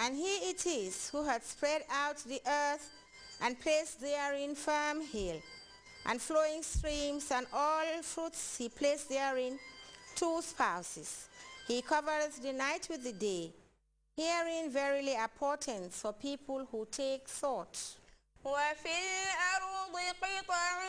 And he it is who had spread out the earth and placed therein firm hill and flowing streams and all fruits he placed therein two spouses. He covereth the night with the day. Herein verily are portents for people who take thought. وفي الأرض قطع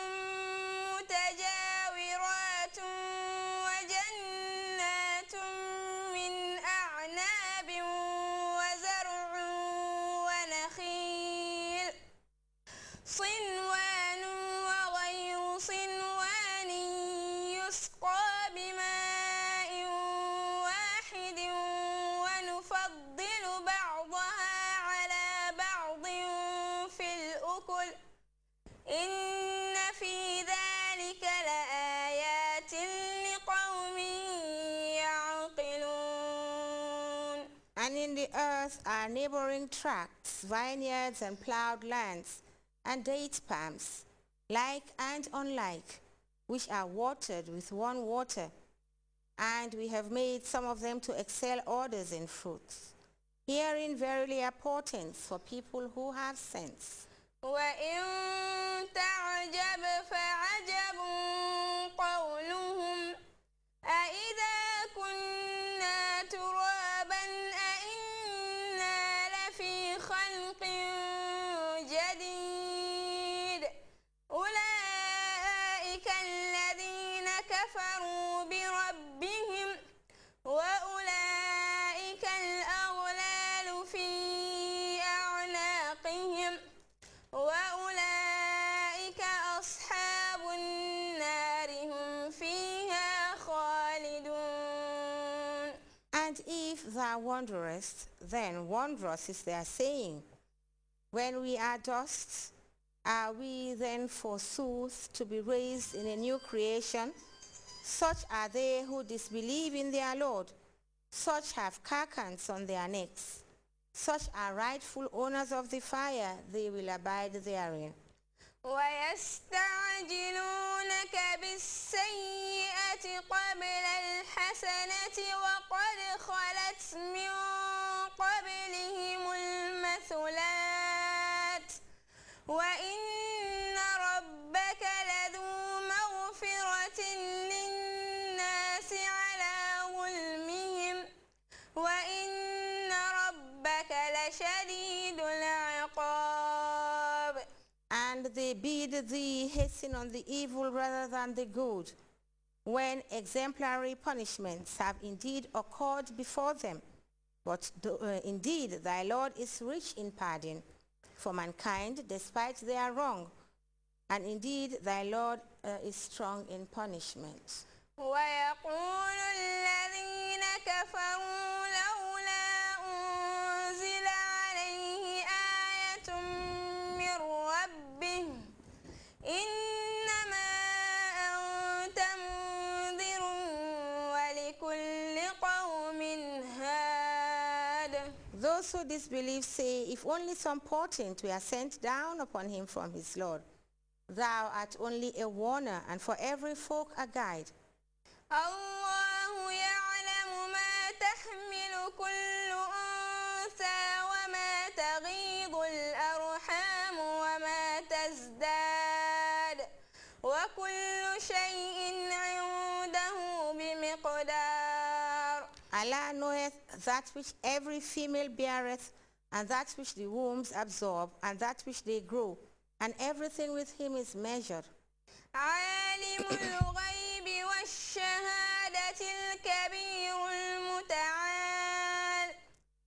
and in the earth are neighboring tracts, vineyards and ploughed lands, and date palms, like and unlike, which are watered with one water, and we have made some of them to excel others in fruits. Hearing verily a portent for people who have sense. وَإِن تَعْجَبْ فَعَجَبٌ if thou wanderest, then wondrous is their saying. When we are dust, are we then forsooth to be raised in a new creation? Such are they who disbelieve in their Lord. Such have carcans on their necks. Such are rightful owners of the fire. They will abide therein. ويستعجلونك بالسيئة قبل الحسنة وقد خلت من قبلهم المثلات وإن ربك لذو مغفرة للناس على ظلمهم وإن ربك لشديد they bid thee hasten on the evil rather than the good, when exemplary punishments have indeed occurred before them. But do, uh, indeed thy Lord is rich in pardon for mankind despite their wrong. And indeed thy Lord uh, is strong in punishment. said, Those who disbelieve say, If only some portent were sent down upon him from his Lord. Thou art only a warner, and for every folk a guide. knoweth that which every female beareth, and that which the wombs absorb, and that which they grow, and everything with him is measured.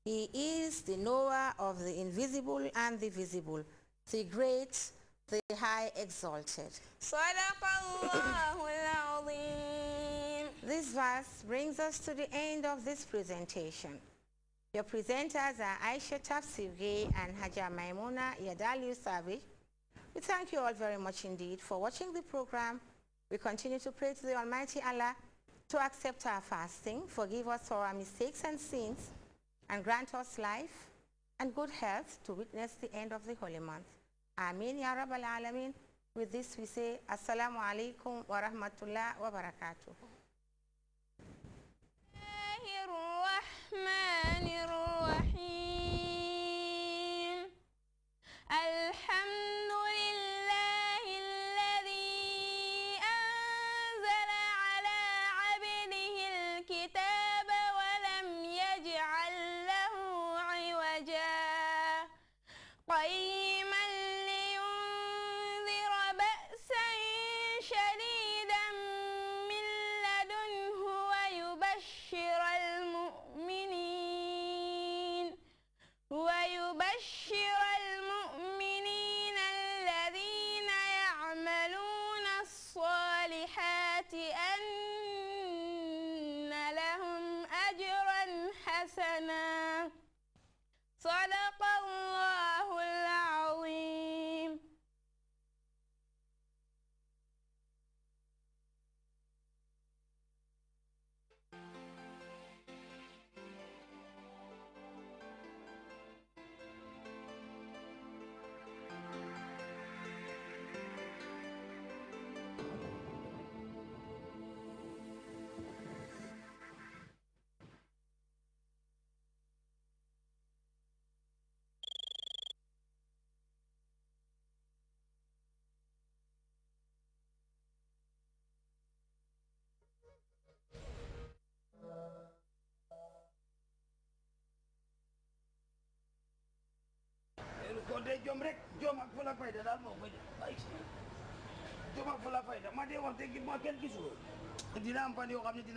he is the knower of the invisible and the visible, the great, the high exalted. This verse brings us to the end of this presentation. Your presenters are Aisha Tafsivge and Haja Maimuna Yadaliu Savage. We thank you all very much indeed for watching the program. We continue to pray to the Almighty Allah to accept our fasting, forgive us for our mistakes and sins, and grant us life and good health to witness the end of the holy month. Amin Ya Rabbal Alameen. With this we say, Assalamu alaikum wa rahmatullah wa barakatuh. Só man de jom rek jom ak fula fayda daal moo koy ay jom ak fula fayda ma de wax dëgg ma kenn gisu dina am fan ko di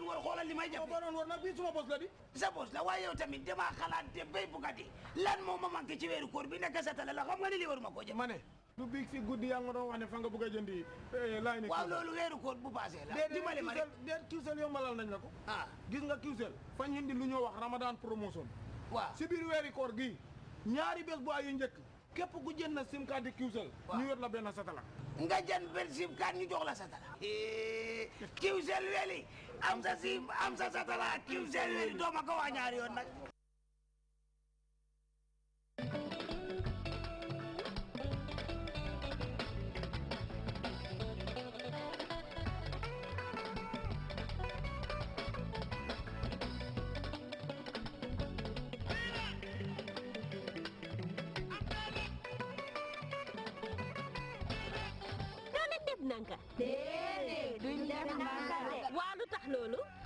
doon war xoolal li may def boo doon war nag bii suma bos la di sa bos la waaye yow tamit damaa xalaat te béy bu gàddi lan moo ma manqué ci weeru koor bi nekk sa la xam nga ne li waruma koo jëf ma ne du biig si guddi yaa nga doon wax ne fa nga a jëndi eh, laay ne waaw loolu weeru koor bu passé la dimbali ma rek déet kiwsel yow malal nañ la ko ah gis nga kiwsel fañ indi lu ñoo wax ramadan promotion waaw si biir weeri koor gii ñaari bés bu ayu njëkk képp ku jënd na sim card la benn satala nga jënd benn sim card eh, weli am sa si am sa satala kiw seen doo ma ko waa ñaari yoon nag solo